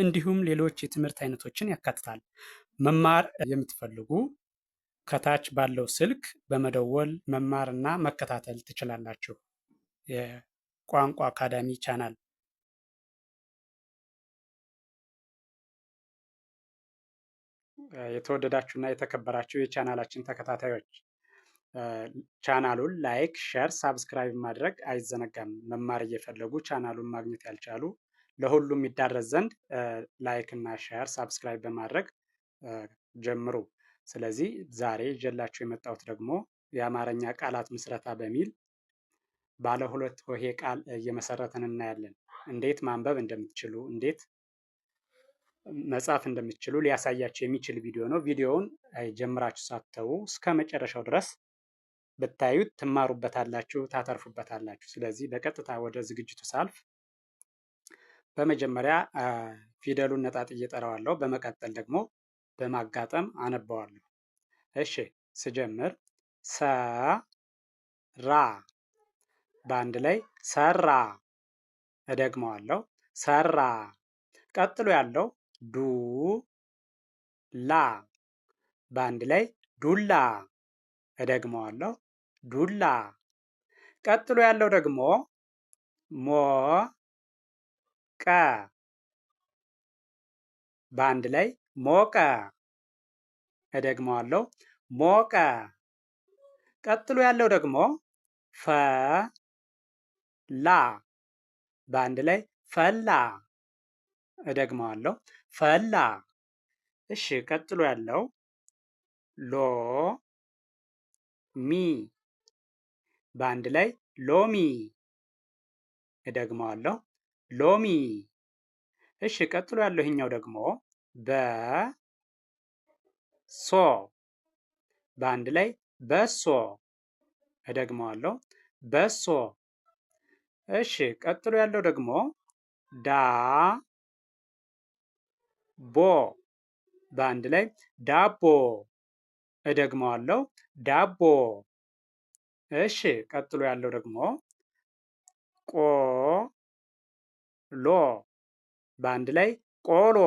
እንዲሁም ሌሎች የትምህርት አይነቶችን ያካትታል። መማር የምትፈልጉ ከታች ባለው ስልክ በመደወል መማርና መከታተል ትችላላችሁ። የቋንቋ አካዳሚ ቻናል የተወደዳችሁና የተከበራችሁ የቻናላችን ተከታታዮች ቻናሉን ላይክ፣ ሸር፣ ሳብስክራይብ ማድረግ አይዘነጋም። መማር እየፈለጉ ቻናሉን ማግኘት ያልቻሉ ለሁሉም ይዳረስ ዘንድ ላይክ እና ሼር ሳብስክራይብ በማድረግ ጀምሩ። ስለዚህ ዛሬ ይዤላችሁ የመጣሁት ደግሞ የአማርኛ ቃላት ምስረታ በሚል ባለ ሁለት ሆሄ ቃል እየመሰረትን እናያለን። እንዴት ማንበብ እንደምትችሉ እንዴት መጻፍ እንደምትችሉ ሊያሳያችሁ የሚችል ቪዲዮ ነው። ቪዲዮውን ጀምራችሁ ሳትተዉ እስከ መጨረሻው ድረስ ብታዩት ትማሩበታላችሁ፣ ታተርፉበታላችሁ። ስለዚህ በቀጥታ ወደ ዝግጅቱ ሳልፍ በመጀመሪያ ፊደሉን ነጣጥዬ እጠራዋለሁ። በመቀጠል ደግሞ በማጋጠም አነባዋለሁ። እሺ ስጀምር ሰ ራ በአንድ ላይ ሰራ። እደግመዋለሁ ሰራ። ቀጥሎ ያለው ዱ ላ በአንድ ላይ ዱላ። እደግመዋለሁ ዱላ። ቀጥሎ ያለው ደግሞ ሞ ቀ በአንድ ላይ ሞቀ። እደግመዋለሁ ሞቀ። ቀጥሎ ያለው ደግሞ ፈላ በአንድ ላይ ፈላ። እደግመዋለሁ ፈላ። እሺ፣ ቀጥሎ ያለው ሎ ሚ በአንድ ላይ ሎሚ። እደግመዋለሁ ሎሚ። እሺ ቀጥሎ ያለው ይሄኛው ደግሞ በ ሶ በአንድ ላይ በሶ። እደግመዋለሁ በሶ። እሺ ቀጥሎ ያለው ደግሞ ዳ ቦ በአንድ ላይ ዳቦ። እደግመዋለሁ ዳቦ። እሺ ቀጥሎ ያለው ደግሞ ቆ ሎ በአንድ ላይ ቆሎ።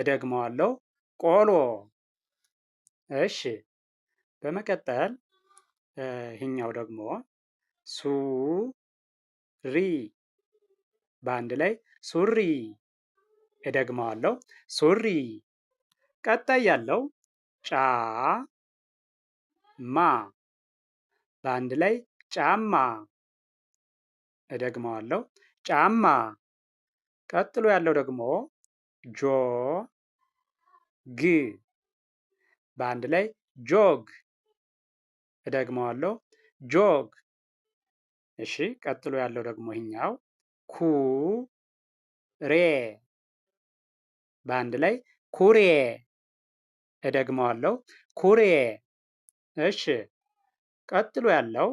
እደግመዋለሁ ቆሎ። እሺ በመቀጠል ይህኛው ደግሞ ሱሪ በአንድ ላይ ሱሪ። እደግመዋለሁ ሱሪ። ቀጣይ ያለው ጫማ በአንድ ላይ ጫማ። እደግመዋለሁ ጫማ። ቀጥሎ ያለው ደግሞ ጆ ግ በአንድ ላይ ጆግ። እደግመዋለሁ ጆግ። እሺ፣ ቀጥሎ ያለው ደግሞ ይሄኛው ኩ ሬ በአንድ ላይ ኩሬ። እደግመዋለሁ ኩሬ። እሺ፣ ቀጥሎ ያለው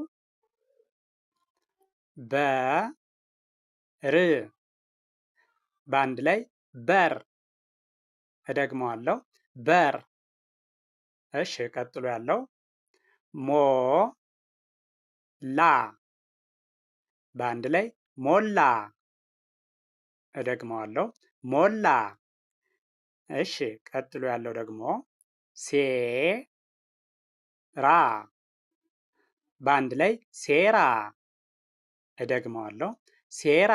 በ ር በአንድ ላይ በር። እደግመዋለሁ በር። እሺ፣ ቀጥሎ ያለው ሞ ላ በአንድ ላይ ሞላ። እደግመዋለሁ ሞላ። እሺ፣ ቀጥሎ ያለው ደግሞ ሴ ራ በአንድ ላይ ሴራ። እደግመዋለሁ ሴራ።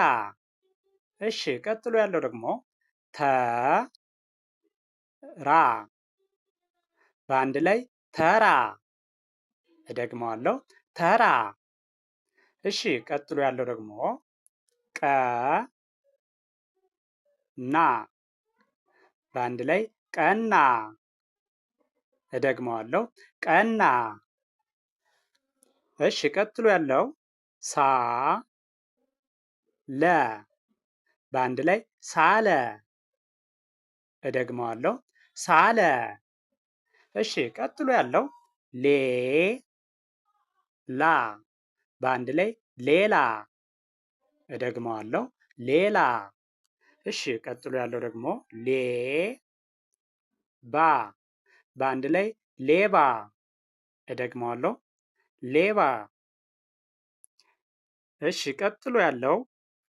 እሺ ቀጥሎ ያለው ደግሞ ተራ በአንድ ላይ ተራ። እደግመዋለሁ ተራ። እሺ ቀጥሎ ያለው ደግሞ ቀና በአንድ ላይ ቀና። እደግመዋለሁ ቀና። እሺ ቀጥሎ ያለው ሳ ለ በአንድ ላይ ሳለ። እደግመዋለሁ ሳለ። እሺ፣ ቀጥሎ ያለው ሌ ላ በአንድ ላይ ሌላ። እደግመዋለሁ ሌላ። እሺ፣ ቀጥሎ ያለው ደግሞ ሌ ባ በአንድ ላይ ሌባ። እደግመዋለሁ ሌባ። እሺ፣ ቀጥሎ ያለው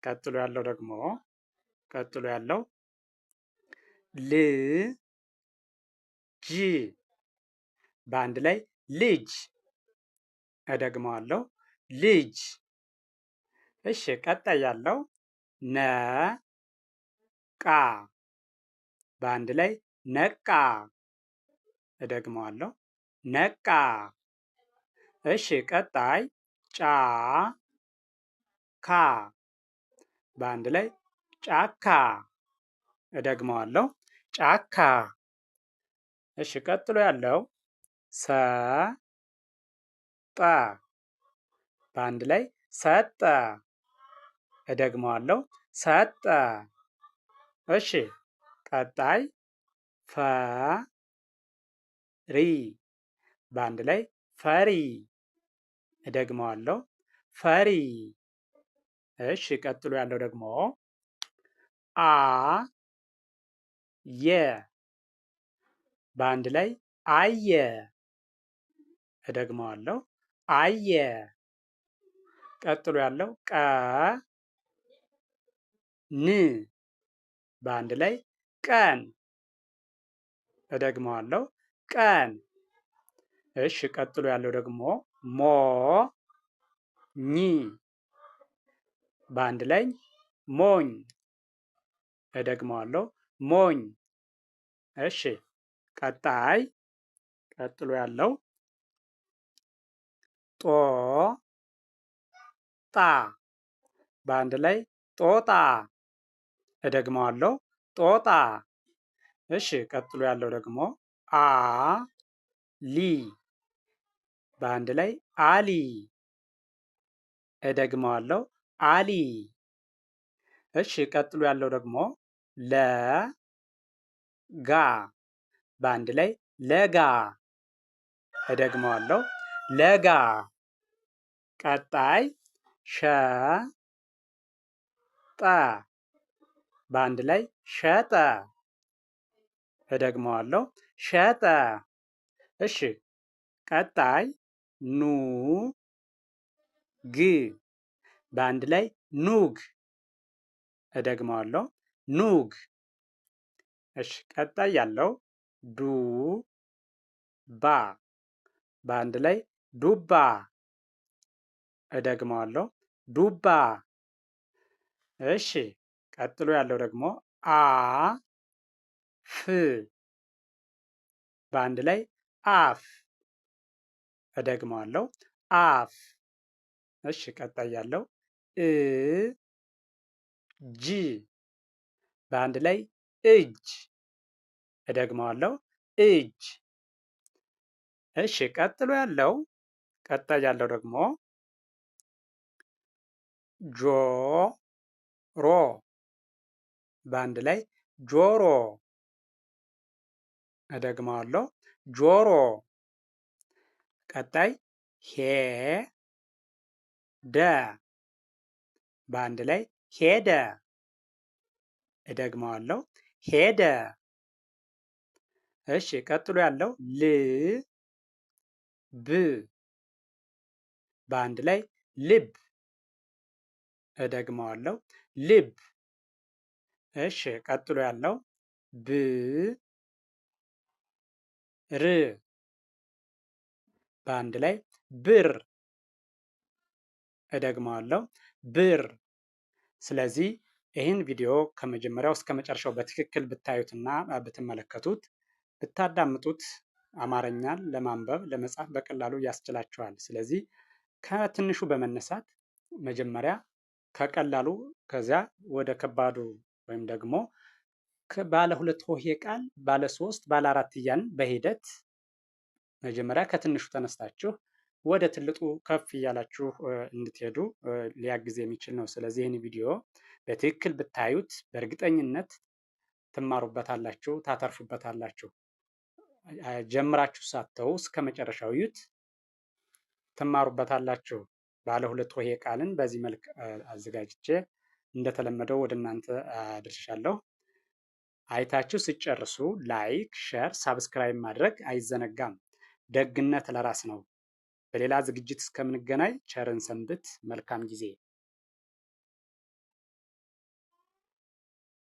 ቀጥሎ ያለው ደግሞ ቀጥሎ ያለው ል ጅ በአንድ ላይ ልጅ። እደግመዋለሁ ልጅ። እሺ፣ ቀጣይ ያለው ነ ቃ በአንድ ላይ ነቃ። እደግመዋለሁ ነቃ። እሺ፣ ቀጣይ ጫ ካ በአንድ ላይ ጫካ። እደግመዋለሁ፣ ጫካ። እሺ፣ ቀጥሎ ያለው ሰጠ፣ በአንድ ላይ ሰጠ። እደግመዋለሁ፣ ሰጠ። እሺ፣ ቀጣይ ፈሪ፣ በአንድ ላይ ፈሪ። እደግመዋለሁ፣ ፈሪ እሺ ቀጥሎ ያለው ደግሞ አ የ በአንድ ላይ አየ። እደግመዋለሁ አየ። ቀጥሎ ያለው ቀ ን በአንድ ላይ ቀን። እደግመዋለሁ ቀን። እሺ ቀጥሎ ያለው ደግሞ ሞ ኝ በአንድ ላይ ሞኝ። እደግመዋለሁ ሞኝ። እሺ፣ ቀጣይ ቀጥሎ ያለው ጦ ጣ በአንድ ላይ ጦጣ። እደግመዋለሁ ጦጣ። እሺ፣ ቀጥሎ ያለው ደግሞ አ ሊ በአንድ ላይ አሊ። እደግመዋለሁ አሊ። እሺ ቀጥሎ ያለው ደግሞ ለጋ በአንድ ላይ ለጋ። እደግመዋለሁ ለጋ። ቀጣይ ሸጠ በአንድ ላይ ሸጠ። እደግመዋለሁ ሸጠ። እሺ ቀጣይ ኑ ግ በአንድ ላይ ኑግ። እደግመዋለሁ ኑግ። እሺ፣ ቀጣይ ያለው ዱ ባ በአንድ ላይ ዱባ። እደግመዋለሁ ዱባ። እሺ፣ ቀጥሎ ያለው ደግሞ አ ፍ በአንድ ላይ አፍ። እደግመዋለሁ አፍ። እሺ፣ ቀጣይ ያለው እ በአንድ ላይ እጅ። እደግመዋለሁ እጅ። እሺ ቀጥሎ ያለው ቀጣይ ያለው ደግሞ ጆሮ በአንድ ላይ ጆሮ። እደግመዋለሁ ጆሮ። ቀጣይ ሄደ በአንድ ላይ ሄደ። እደግመዋለሁ፣ ሄደ። እሺ፣ ቀጥሎ ያለው ል ብ በአንድ ላይ ልብ። እደግመዋለሁ፣ ልብ። እሺ፣ ቀጥሎ ያለው ብ ር በአንድ ላይ ብር። እደግመዋለሁ ብር። ስለዚህ ይህን ቪዲዮ ከመጀመሪያው እስከ መጨረሻው በትክክል ብታዩትና ብትመለከቱት ብታዳምጡት አማርኛን ለማንበብ ለመጻፍ በቀላሉ ያስችላችኋል። ስለዚህ ከትንሹ በመነሳት መጀመሪያ ከቀላሉ ከዚያ ወደ ከባዱ ወይም ደግሞ ባለ ሁለት ሆሄ ቃል ባለ ሶስት ባለ አራት እያልን በሂደት መጀመሪያ ከትንሹ ተነስታችሁ ወደ ትልቁ ከፍ እያላችሁ እንድትሄዱ ሊያግዝ የሚችል ነው። ስለዚህ ይህን ቪዲዮ በትክክል ብታዩት በእርግጠኝነት ትማሩበታላችሁ፣ ታተርፉበታላችሁ። ጀምራችሁ ሳተው እስከ መጨረሻው ዩት ትማሩበታላችሁ። ባለ ሁለት ሆሄ ቃልን በዚህ መልክ አዘጋጅቼ እንደተለመደው ወደ እናንተ አድርሻለሁ። አይታችሁ ስጨርሱ ላይክ፣ ሸር፣ ሳብስክራይብ ማድረግ አይዘነጋም። ደግነት ለራስ ነው። በሌላ ዝግጅት እስከምንገናኝ ቸርን ሰንብት። መልካም ጊዜ